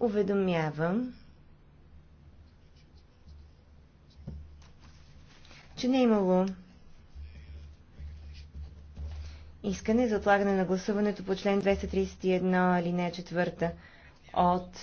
уведомявам, че не е имало искане за отлагане на гласуването по член 231 алинея 4 от